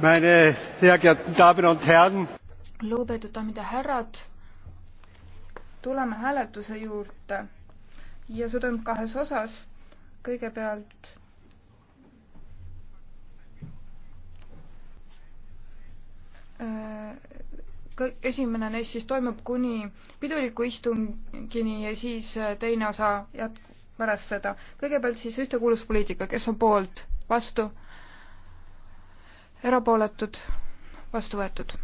meine sehr geehrten Damen und Herren. lugupeetud daamid ja härrad, tuleme hääletuse juurde ja see toimub kahes osas. kõigepealt äh, esimene neist siis toimub kuni piduliku istungini ja siis äh, teine osa jätkub pärast seda. kõigepealt siis ühtekuuluvuspoliitika, kes on poolt, vastu erapooletud, vastu võetud.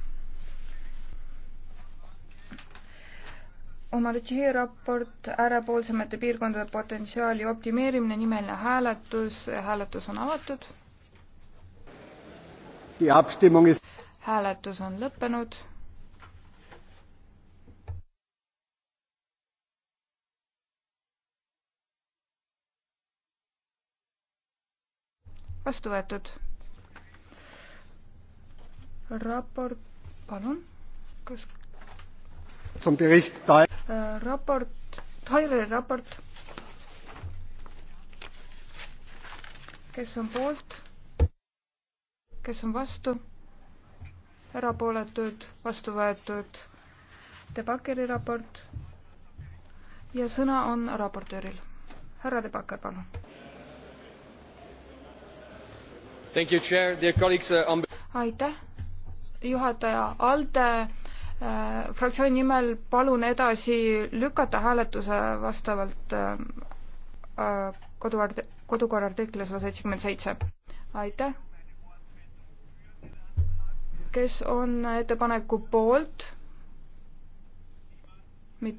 Omaritši raport äärepoolsemate piirkondade potentsiaali optimeerimine, nimeline hääletus, hääletus on avatud. Is... hääletus on lõppenud. vastu võetud raport, palun, kas? Äh, raport, Taire raport. kes on poolt? kes on vastu? erapooletud, vastu võetud. Debakeri raport. ja sõna on raportööril. härra Debaker, palun. Uh, aitäh juhataja, ALDE äh, fraktsiooni nimel palun edasi lükata hääletuse vastavalt äh, äh, koduarti-, kodukorra artiklile sada seitsekümmend seitse. aitäh. kes on ettepaneku poolt?